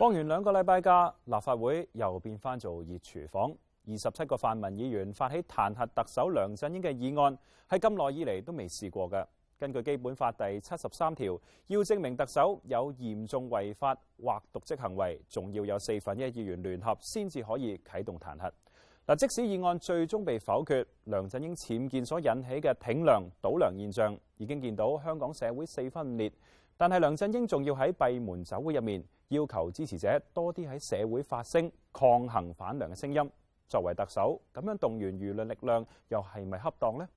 放完兩個禮拜假，立法會又變翻做熱廚房。二十七個泛民議員發起彈劾特首梁振英嘅議案，喺咁耐以嚟都未試過㗎。根據《基本法》第七十三條，要證明特首有嚴重違法或瀆職行為，仲要有四分一議員聯合先至可以啟動彈劾。嗱，即使議案最終被否決，梁振英僭建所引起嘅挺梁倒梁現象已經見到香港社會四分裂。但係梁振英仲要喺閉門酒會入面要求支持者多啲喺社會發聲抗衡反梁嘅聲音。作為特首，咁樣動員輿論力量又係咪恰當呢？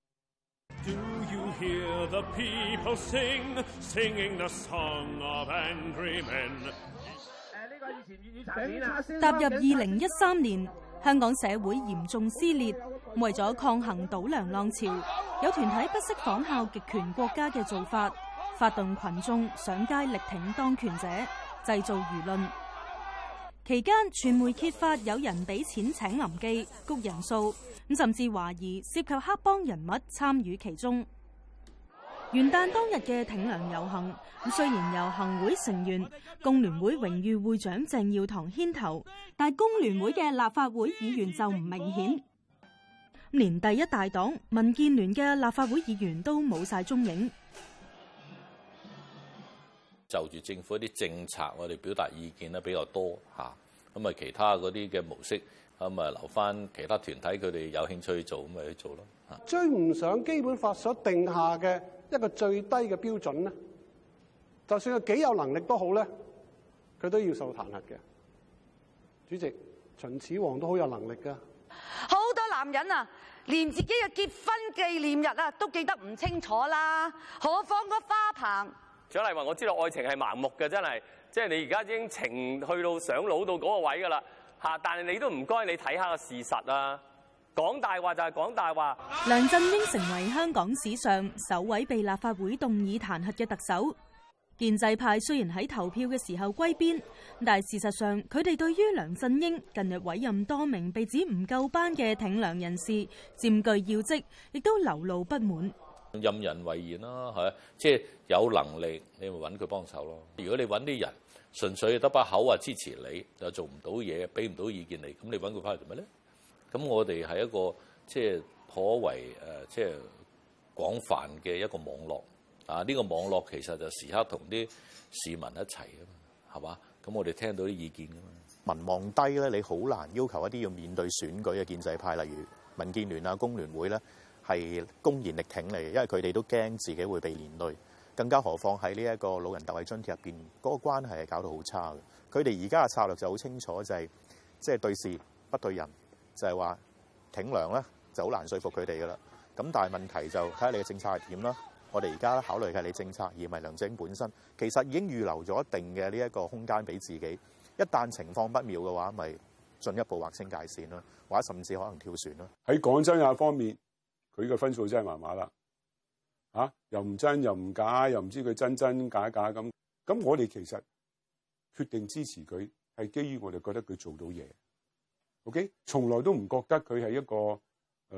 踏入二零一三年。香港社會嚴重撕裂，為咗抗衡倒梁浪潮，有團體不惜仿效極權國家嘅做法，發動群眾上街力挺當權者，製造輿論。期間，傳媒揭發有人俾錢請臨記、谷人數，咁甚至懷疑涉及黑幫人物參與其中。元旦當日嘅挺梁遊行，咁雖然由行會成員、工聯會榮譽會長鄭耀棠牽頭，但係工聯會嘅立法會議員就唔明顯。咁連第一大黨民建聯嘅立法會議員都冇晒蹤影。就住政府一啲政策，我哋表達意見咧比較多吓，咁啊其他嗰啲嘅模式，咁啊留翻其他團體佢哋有興趣去做，咁咪去做咯。追唔上基本法所定下嘅。一個最低嘅標準咧，就算佢幾有能力都好咧，佢都要受彈劾嘅。主席，秦始皇都好有能力噶。好多男人啊，連自己嘅結婚紀念日啊，都記得唔清楚啦，何況個花棚。蔣麗雲，我知道愛情係盲目嘅，真係，即係你而家已經情去到上腦到嗰個位噶啦，吓！但係你都唔該，你睇下個事實啊。講大話就係講大話。梁振英成為香港史上首位被立法會動議彈劾嘅特首，建制派雖然喺投票嘅時候歸邊，但係事實上佢哋對於梁振英近日委任多名被指唔夠班嘅挺梁人士佔據要職，亦都流露不滿。任人唯賢啦，係嘛，即係有能力，你咪揾佢幫手咯。如果你揾啲人純粹得把口話支持你，就做唔到嘢，俾唔到意見你，咁你揾佢翻嚟做咩咧？咁我哋係一個即係、就是、頗為誒即係廣泛嘅一個網絡啊。呢、呢個網絡其實就時刻同啲市民一齊啊，係嘛？咁我哋聽到啲意見啊嘛。民望低咧，你好難要求一啲要面對選舉嘅建制派，例如民建聯啊、工聯會咧，係公然力挺嚟，因為佢哋都驚自己會被連累。更加何況喺呢一個老人特惠津貼入邊，個關係係搞到好差嘅。佢哋而家嘅策略就好清楚，就係即係對事不對人。就係話挺梁咧，就好難說服佢哋噶啦。咁但係問題就睇下你嘅政策係點啦。我哋而家考慮嘅係你的政策，而唔係梁振英本身。其實已經預留咗一定嘅呢一個空間俾自己。一旦情況不妙嘅話，咪進一步劃清界線啦，或者甚至可能跳船啦。喺講真話方面，佢嘅分數真係麻麻啦。嚇、啊，又唔真又唔假，又唔知佢真真假假咁。咁我哋其實決定支持佢，係基於我哋覺得佢做到嘢。O、okay? K，從來都唔覺得佢係一個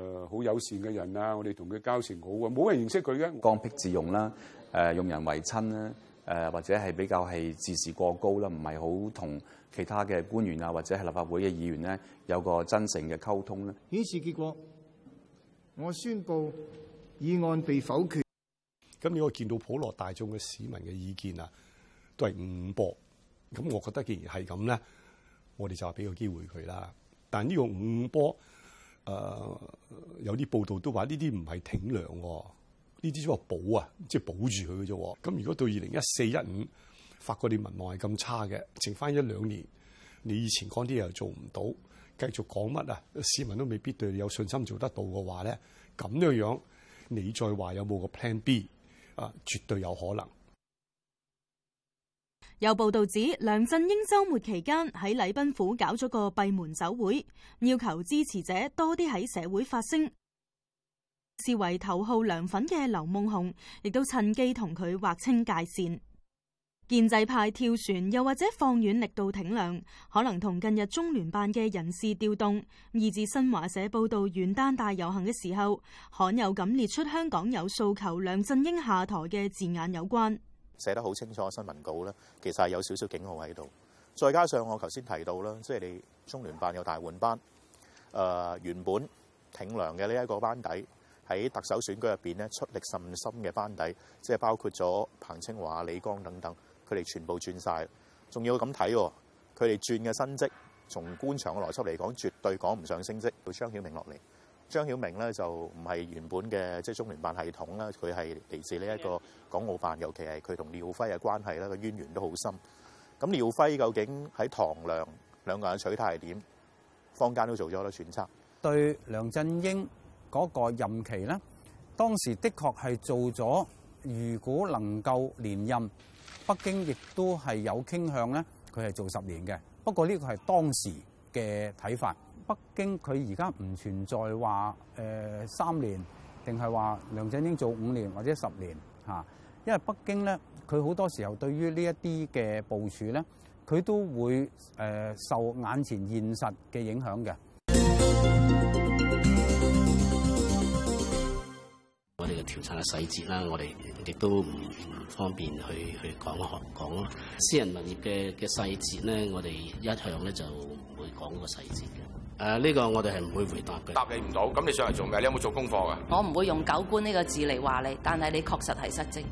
誒好、呃、友善嘅人啊！我哋同佢交情好啊，冇人認識佢嘅。剛愎自用啦，誒、呃，用人唯親啦，誒、呃，或者係比較係自視過高啦，唔係好同其他嘅官員啊，或者係立法會嘅議員咧有個真誠嘅溝通咧。顯示結果，我宣布議案被否決。咁如果見到普羅大眾嘅市民嘅意見啊，都係五五波，咁我覺得既然係咁咧，我哋就話俾個機會佢啦。但呢個五,五波誒、呃、有啲報道都話呢啲唔係挺梁，呢啲都話保啊，即係保住佢嘅啫。咁如果到二零一四一五，發覺你民望係咁差嘅，剩翻一兩年，你以前講啲嘢又做唔到，繼續講乜啊？市民都未必對你有信心做得到嘅話咧，咁樣樣你再話有冇個 plan B 啊？絕對有可能。有報道指梁振英周末期間喺禮賓府搞咗個閉門酒會，要求支持者多啲喺社會發聲。視為頭號梁粉嘅劉夢熊亦都趁機同佢劃清界線。建制派跳船又或者放軟力度挺梁，可能同近日中聯辦嘅人事調動，以至新華社報道元旦大遊行嘅時候，罕有咁列出香港有訴求梁振英下台嘅字眼有關。寫得好清楚嘅新聞稿呢，其實係有少少警號喺度。再加上我頭先提到啦，即係你中聯辦有大換班，誒、呃、原本挺梁嘅呢一個班底喺特首選舉入邊呢，出力甚深嘅班底，即係包括咗彭清華、李剛等等，佢哋全部轉晒。仲要咁睇，佢哋轉嘅新職，從官場嘅邏輯嚟講，絕對講唔上升職。到張曉明落嚟。張曉明咧就唔係原本嘅即係中聯辦系統啦，佢係嚟自呢一個港澳辦，尤其係佢同廖輝嘅關係咧個淵源都好深。咁廖輝究竟喺唐梁兩個人取態係點？坊間都做咗好多揣測。對梁振英嗰個任期咧，當時的確係做咗，如果能夠連任，北京亦都係有傾向咧，佢係做十年嘅。不過呢個係當時嘅睇法。北京佢而家唔存在話誒三年，定係話梁振英做五年或者十年吓、啊，因為北京咧，佢好多時候對於呢一啲嘅部署咧，佢都會誒、呃、受眼前現實嘅影響嘅。我哋嘅調查嘅細節啦，我哋亦都唔方便去去講學講咯。私人物業嘅嘅細節咧，我哋一向咧就唔會講個細節嘅。誒呢個我哋係唔會回答嘅，答你唔到。咁你上嚟做咩？你有冇做功課㗎？我唔會用狗官呢個字嚟話你，但係你確實係失職。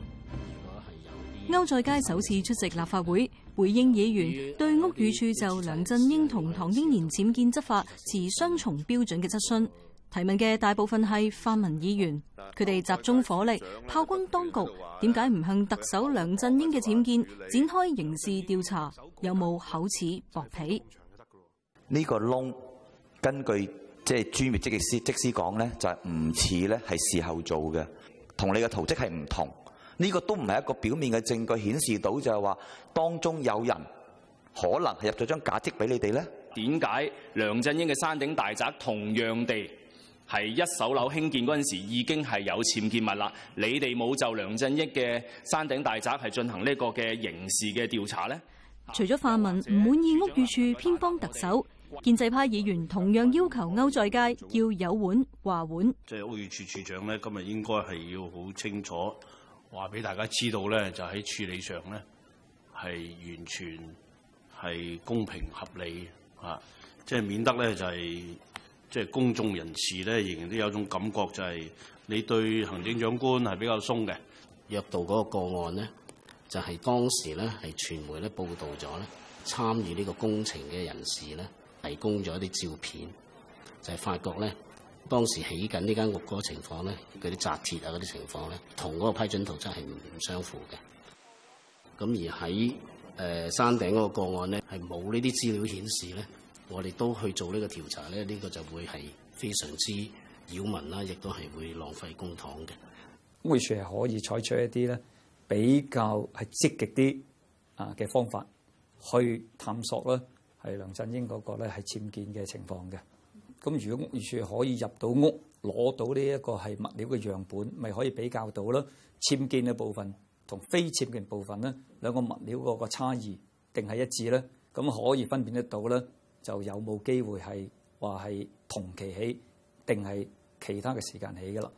區載佳首次出席立法會，回應議員對屋宇處就梁振英同唐英年僭建執法持雙重標準嘅質詢。提問嘅大部分係泛民議員，佢哋集中火力炮轟當局，點解唔向特首梁振英嘅僭建展開刑事調查？有冇口齒薄皮呢個窿？根據即係專業職業師，職師講咧，就係唔似咧，係事後做嘅，同你嘅圖則係唔同。呢、這個都唔係一個表面嘅證據，顯示到就係話當中有人可能係入咗張假則俾你哋咧。點解梁振英嘅山頂大宅同樣地係一手樓興建嗰陣時已經係有僭建物啦？你哋冇就梁振英嘅山頂大宅係進行呢個嘅刑事嘅調查咧？除咗泛民唔滿意屋宇署偏幫特首。建制派議員同樣要求區載佳要有碗話碗，即係屋宇署署長咧，今日應該係要好清楚話俾大家知道咧，就喺處理上咧係完全係公平合理嚇，即係免得咧就係即係公眾人士咧仍然都有種感覺，就係你對行政長官係比較鬆嘅，虐到嗰個個案咧就係當時咧係傳媒咧報道咗咧參與呢個工程嘅人士咧。提供咗啲照片，就係、是、發覺咧，當時起緊呢間屋嗰個情況咧，嗰啲紮鐵啊嗰啲情況咧，同嗰個批准圖則係唔相符嘅。咁而喺誒、呃、山頂嗰個個案咧，係冇呢啲資料顯示咧，我哋都去做呢個調查咧，呢、這個就會係非常之擾民啦，亦都係會浪費公帑嘅。會唔會係可以採取一啲咧比較係積極啲啊嘅方法去探索啦。係梁振英嗰個咧係僭建嘅情況嘅，咁如果屋宇署可以入到屋攞到呢一個係物料嘅樣本，咪可以比較到囉，僭建嘅部分同非僭建的部分咧兩個物料嗰個差異定係一致咧，咁可以分辨得到咧，就有冇機會係話係同期起定係其他嘅時間起㗎啦。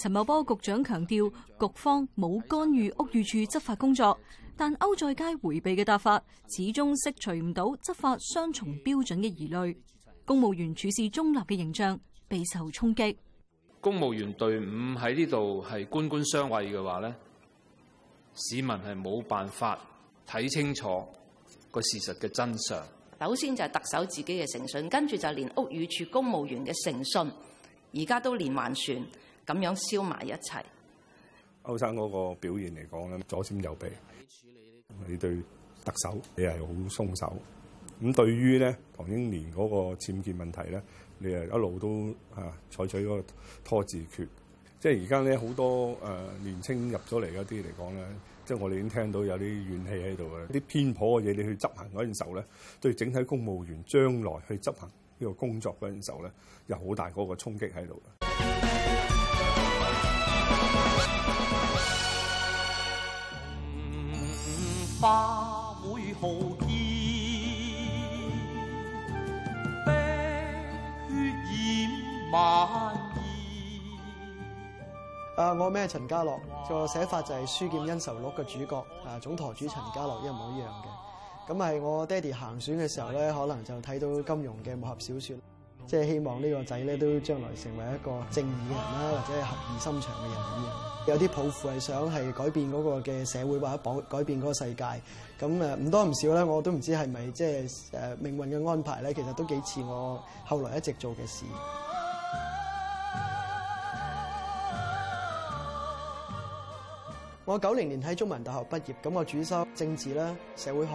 陳茂波局長強調，局方冇干預屋宇署執法工作，但歐在佳回避嘅答法，始終釋除唔到執法雙重標準嘅疑慮。公務員處事中立嘅形象備受衝擊。公務員隊伍喺呢度係官官相衛嘅話咧，市民係冇辦法睇清楚個事實嘅真相。首先就係特首自己嘅誠信，跟住就連屋宇署公務員嘅誠信，而家都連環船。咁樣燒埋一齊。歐生嗰個表現嚟講咧，左閃右避。你處理呢？你對特首你係好鬆手。咁對於咧唐英年嗰個僭建問題咧，你係一路都嚇、啊、採取嗰個拖字決。即係而家咧好多誒、呃、年青入咗嚟嗰啲嚟講咧，即係我哋已經聽到有啲怨氣喺度嘅。啲偏頗嘅嘢你去執行嗰陣時咧，對整體公務員將來去執行呢個工作嗰陣時咧，有好大嗰個衝擊喺度。啊！我咩？陳家洛個寫法就係《書劍恩仇錄》嘅主角，啊總舵主陳家洛一模一樣嘅。咁係我爹哋行選嘅時候咧，可能就睇到金庸嘅武俠小說，即係希望呢個仔咧都將來成為一個正義嘅人啦，或者係俠義心腸嘅人。有啲抱負係想係改變嗰個嘅社會或者改改變嗰個世界。咁誒唔多唔少咧，我都唔知係咪即係誒命運嘅安排咧，其實都幾似我後來一直做嘅事。我九零年喺中文大學畢業，咁我主修政治啦、社會學。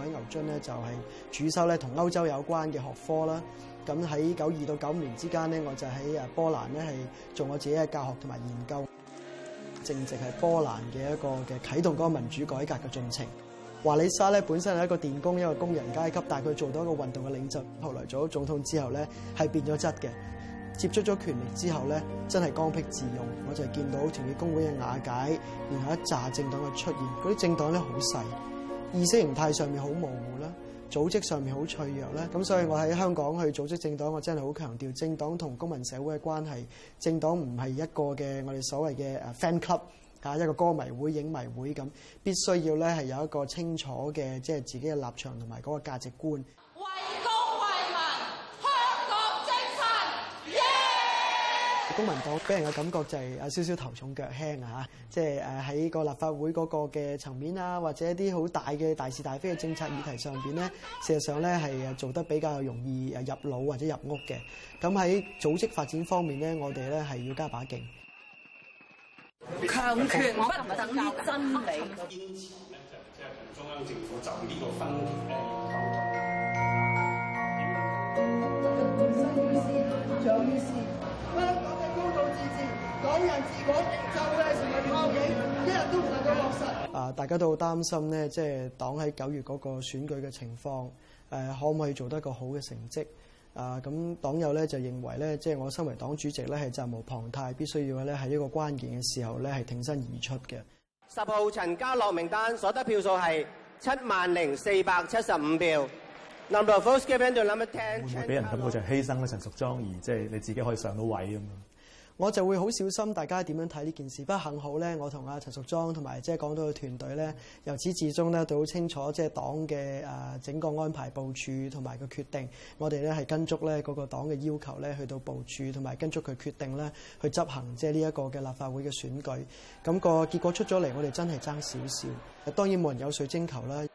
喺牛津咧就係主修咧同歐洲有關嘅學科啦。咁喺九二到九五年之間咧，我就喺誒波蘭咧係做我自己嘅教學同埋研究。正值係波蘭嘅一個嘅啟動嗰個民主改革嘅進程。華里莎咧本身係一個電工，一個工人階級，但係佢做到一個運動嘅領袖，後來做咗總統之後咧係變咗質嘅。接觸咗權力之後呢，真係剛愎自用。我就係見到團結工會嘅瓦解，然後一紮政黨嘅出現。嗰啲政黨呢，好細，意識形態上面好模糊啦，組織上面好脆弱啦。咁所以我喺香港去組織政黨，我真係好強調政黨同公民社會嘅關係。政黨唔係一個嘅我哋所謂嘅誒 fan club 嚇，一個歌迷會、影迷會咁，必須要呢係有一個清楚嘅即係自己嘅立場同埋嗰個價值觀。公民黨俾人嘅感覺就係有少少頭重腳輕啊，即係誒喺個立法會嗰個嘅層面啊，或者一啲好大嘅大是大非嘅政策議題上邊咧，事實上咧係誒做得比較容易誒入腦或者入屋嘅。咁喺組織發展方面咧，我哋咧係要加把勁。強權不能等於真理。堅持咧就即係同中央政府就呢個分。港人治港，一日都唔能夠落實啊！大家都好擔心呢，即係黨喺九月嗰個選舉嘅情況誒，可唔可以做得一個好嘅成績啊？咁黨友咧就認為咧，即係我身為黨主席咧係責無旁貸，必須要咧喺呢個關鍵嘅時候咧係挺身而出嘅。十號陳家洛名單所得票數係七萬零四百七十五票。Number first candidate number ten 會會，會唔會俾人感覺就犧牲咗陳淑莊，而即係你自己可以上到位咁樣。我就會好小心大家點樣睇呢件事，不過幸好咧，我同阿陳淑莊同埋即係港島嘅團隊咧，由始至終咧都好清楚即係黨嘅誒整個安排部署同埋個決定，我哋咧係跟足咧嗰個黨嘅要求咧去到部署同埋跟足佢決定咧去執行即係呢一個嘅立法會嘅選舉，咁個結果出咗嚟，我哋真係爭少少，當然冇人有水晶球啦。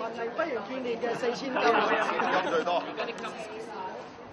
文明輝煌見證嘅四千多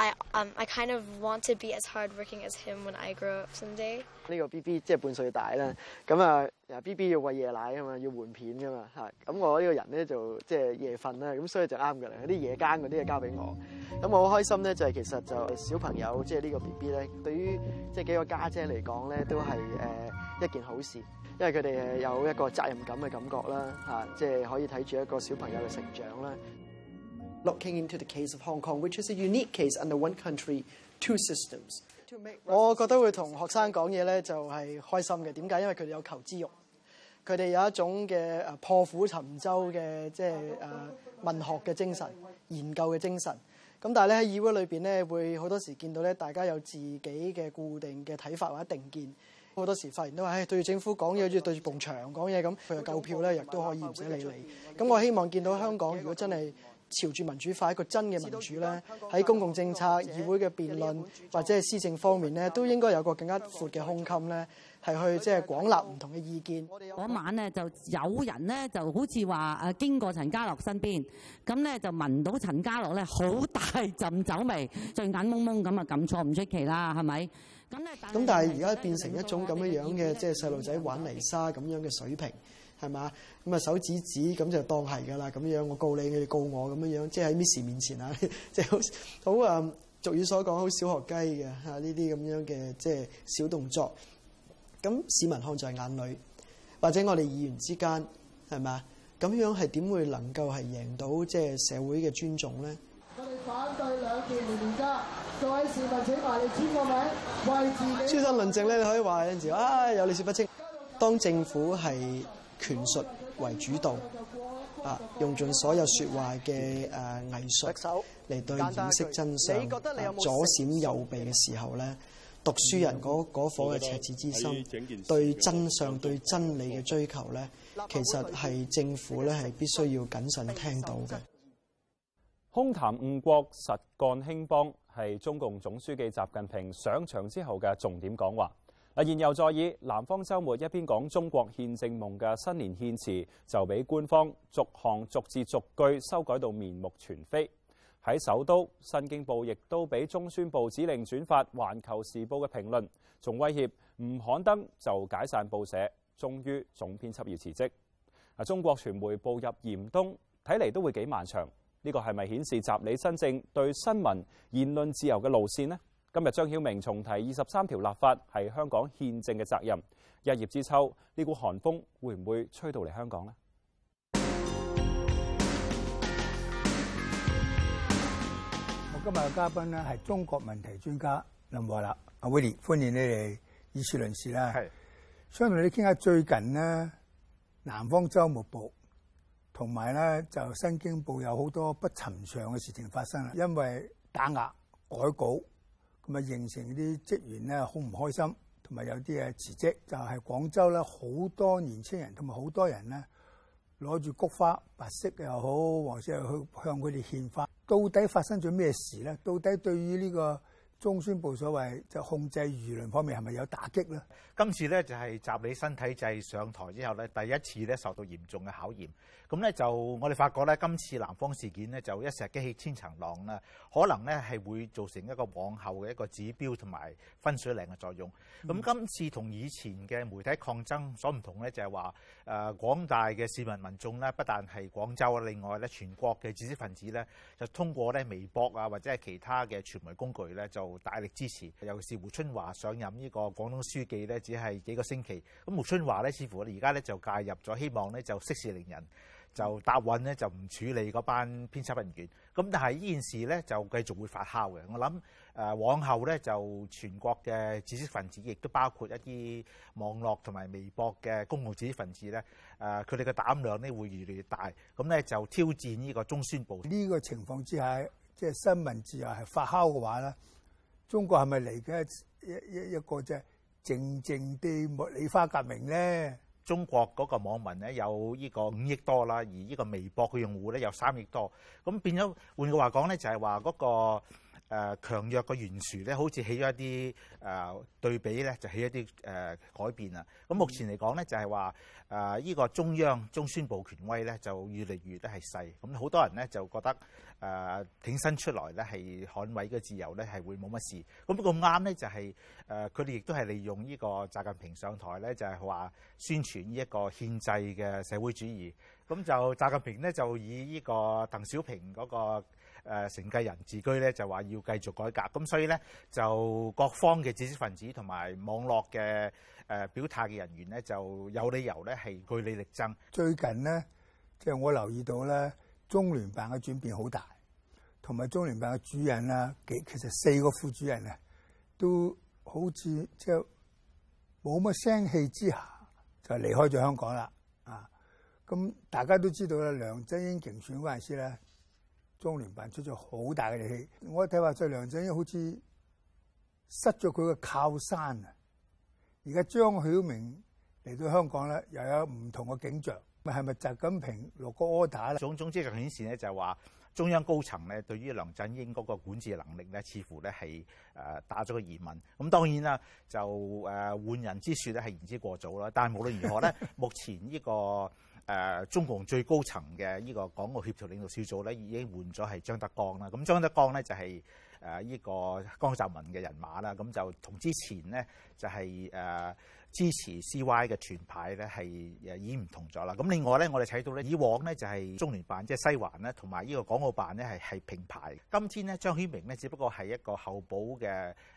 I, um, I kind of want to be as hard working as him when I grow up someday. 呢個 BB 即係半歲大啦，咁啊，BB 要餵夜奶啊嘛，要換片噶嘛吓，咁我呢個人咧就即係、就是、夜瞓啦，咁所以就啱噶啦，啲夜間嗰啲嘢交俾我，咁我好開心咧，就係、是、其實就小朋友即係呢個 BB 咧，對於即係、就是、幾個家姐嚟講咧，都係誒、呃、一件好事，因為佢哋誒有一個責任感嘅感覺啦，吓、就是，即係可以睇住一個小朋友嘅成長啦。Looking into the case of Hong Kong, which is a unique case under one country, two systems。我覺得會同學生講嘢咧，就係、是、開心嘅。點解？因為佢哋有求知欲，佢哋有一種嘅、啊、破釜沉舟嘅，即係誒文學嘅精神、研究嘅精神。咁、嗯、但係咧喺議會裏邊咧，會好多時見到咧，大家有自己嘅固定嘅睇法或者定見。好多時發現都話誒、哎，對住政府講嘢好似對住埲牆講嘢咁，佢又夠票咧，亦都可以唔使理你。咁我希望見到香港，如果真係，朝住民主化一個真嘅民主咧，喺公共政策、議會嘅辯論或者係施政方面咧，都應該有個更加闊嘅胸襟咧，係去即係廣納唔同嘅意見。嗰晚咧就有人咧就好似話誒經過陳家洛身邊，咁咧就聞到陳家洛咧好大陣酒味，就眼蒙蒙咁啊，咁錯唔出奇啦，係咪？咁咧，咁但係而家變成一種咁樣樣嘅即係細路仔玩泥沙咁樣嘅水平。係嘛？咁啊手指指咁就當係㗎啦，咁樣我告你，你哋告我咁樣，即係喺 Miss 面前啊，即係好好誒俗語所講好小學雞嘅嚇呢啲咁樣嘅即係小動作。咁市民看在眼裏，或者我哋議員之間係咪？咁樣係點會能夠係贏到即係社會嘅尊重咧？我哋反對兩件連連加，各位市民請埋你簽個名，為自己。書生論證咧，你可以話有陣時啊，有理說不清。當政府係權術為主導，啊，用盡所有説話嘅誒、啊、藝術嚟對掩飾真相、左、啊、閃右避嘅時候呢，讀書人嗰顆嘅赤子之心對真相、對真理嘅追求呢，其實係政府呢係必須要謹慎聽到嘅。空談誤國，實幹興邦係中共總書記習近平上場之後嘅重點講話。啊！現又再以《南方周末》一篇講中國憲政夢嘅新年獻詞，就俾官方逐項逐字逐句修改到面目全非。喺首都新京報亦都俾中宣部指令轉發《環球時報》嘅評論，仲威脅唔刊登就解散報社。終於總編輯要辭職。啊！中國傳媒步入嚴冬，睇嚟都會幾漫長。呢個係咪顯示習李新政對新聞言論自由嘅路線呢？今日張曉明重提《二十三條》立法係香港憲政嘅責任。一葉知秋，呢股寒風會唔會吹到嚟香港呢？我今日嘅嘉賓呢係中國問題專家林和立阿 Willy，歡迎你哋議事論事啦。係，想同你哋傾下最近呢南方周末報同埋咧就新京報有好多不尋常嘅事情發生啦，因為打壓改稿。咁啊，形成啲職員咧好唔開心，同埋有啲啊辭職。就係廣州咧好多年青人，同埋好多人咧攞住菊花白色又好，黃色又去向佢哋獻花。到底發生咗咩事咧？到底對於呢個中宣部所謂就控制輿論方面係咪有打擊呢？今次呢就係習李新體制上台之後呢，第一次呢受到嚴重嘅考驗。咁呢就我哋發覺呢，今次南方事件呢，就一石激起千層浪啦，可能呢係會造成一個往後嘅一個指標同埋分水嶺嘅作用。咁、嗯、今次同以前嘅媒體抗爭所唔同呢，就係話誒廣大嘅市民民眾呢，不但係廣州，另外呢全國嘅知識分子呢，就通過呢微博啊或者係其他嘅傳媒工具呢。就。大力支持，尤其是胡春華上任呢個廣東書記呢，只係幾個星期。咁胡春華呢，似乎我哋而家呢就介入咗，希望呢就息事寧人，就答允呢就唔處理嗰班編輯人員。咁但係呢件事呢，就繼續會發酵嘅。我諗誒往後呢，就全國嘅知識分子，亦都包括一啲網絡同埋微博嘅公共知識分子呢，誒佢哋嘅膽量呢會越嚟越大，咁呢就挑戰呢個中宣部。呢個情況之下，即係新聞自由係發酵嘅話呢。中國係咪嚟嘅一一一個即係靜靜啲茉莉花革命咧？中國嗰個網民咧，有呢個五億多啦，而呢個微博嘅用戶咧，有三億多，咁變咗換句話講咧就係話嗰個。誒強弱個懸殊咧，好似起咗一啲誒對比咧，就起咗一啲誒改變啦。咁目前嚟講咧，就係話誒呢個中央中宣部權威咧，就越嚟越都係細。咁好多人咧就覺得誒、呃、挺身出來咧，係捍衞嘅自由咧，係會冇乜事。咁不過啱咧，就係誒佢哋亦都係利用呢個習近平上台咧，就係話宣傳呢一個憲制嘅社會主義。咁就習近平咧就以呢個鄧小平嗰、那個。誒承繼人自居咧，就話要繼續改革，咁所以咧就各方嘅知識分子同埋網絡嘅誒表態嘅人員咧，就有理由咧係據理力爭。最近咧，即係我留意到咧，中聯辦嘅轉變好大，同埋中聯辦嘅主任啊，其實四個副主任啊，都好似即係冇乜聲氣之下就離開咗香港啦。啊，咁，嗯，大家都知道啦，梁振英競選嗰陣時咧。中聯辦出咗好大嘅力氣，我一睇話就梁振英好似失咗佢嘅靠山啊！而家張曉明嚟到香港咧，又有唔同嘅景象，咪係咪習近平落個 order 啦？總總之就顯示咧就係話中央高層咧對於梁振英嗰個管治能力咧，似乎咧係誒打咗個疑問。咁當然啦，就誒換人之説咧係言之過早啦。但係無論如何咧， 目前呢個。誒、啊，中共最高層嘅呢個港澳協調領導小組咧，已經換咗係張德江啦。咁張德江咧就係誒呢個江澤民嘅人馬啦。咁就同之前咧就係、是、誒支持 C Y 嘅團派咧係誒已經唔同咗啦。咁另外咧，我哋睇到咧，以往咧就係、是、中聯辦即係西環咧，同埋呢個港澳辦咧係係平排。今天咧張曉明咧，只不過係一個候補嘅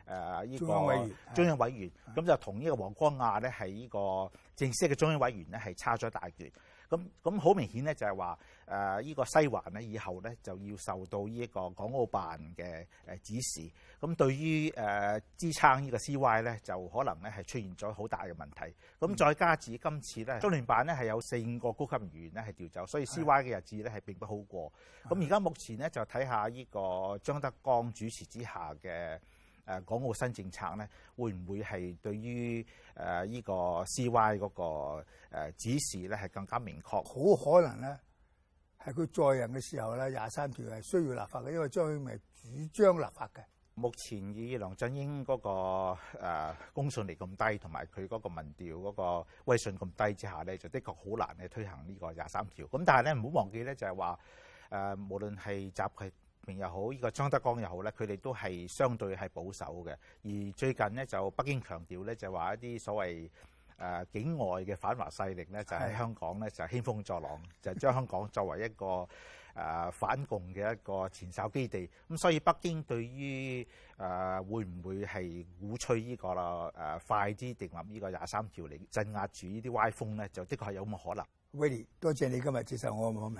誒呢個中央委員，中央委員咁、啊、就同呢個王光亞咧係呢個正式嘅中央委員咧係差咗大段。咁咁好明顯咧，就係話誒依個西環咧，以後咧就要受到呢一個港澳辦嘅誒指示。咁對於誒、呃、支撐這個呢個 CY 咧，就可能咧係出現咗好大嘅問題。咁再加之今次咧，嗯、中聯辦咧係有四個高級人員咧係調走，所以 CY 嘅日子咧係並不好過。咁而家目前咧就睇下呢個張德江主持之下嘅。誒港澳新政策咧，會唔會係對於誒呢個 CY 嗰個誒指示咧係更加明確？好可能咧，係佢在任嘅時候咧，廿三條係需要立法嘅，因為張宇明主張立法嘅。目前以梁振英嗰個誒公信力咁低，同埋佢嗰個民調嗰個威信咁低之下咧，就的確好難咧推行呢個廿三條，咁但係咧，唔好忘記咧，就係話誒無論係習近平又好，呢個張德江又好咧，佢哋都係相對係保守嘅。而最近呢，就北京強調咧，就話一啲所謂誒境外嘅反華勢力咧，就喺香港咧就興風作浪，就 將香港作為一個誒反共嘅一個前哨基地。咁所以北京對於誒會唔會係鼓吹依、呢個誒快啲定立呢個廿三條嚟鎮壓住呢啲歪風咧，就的確係有冇可能。Willy，多謝你今日接受我訪問。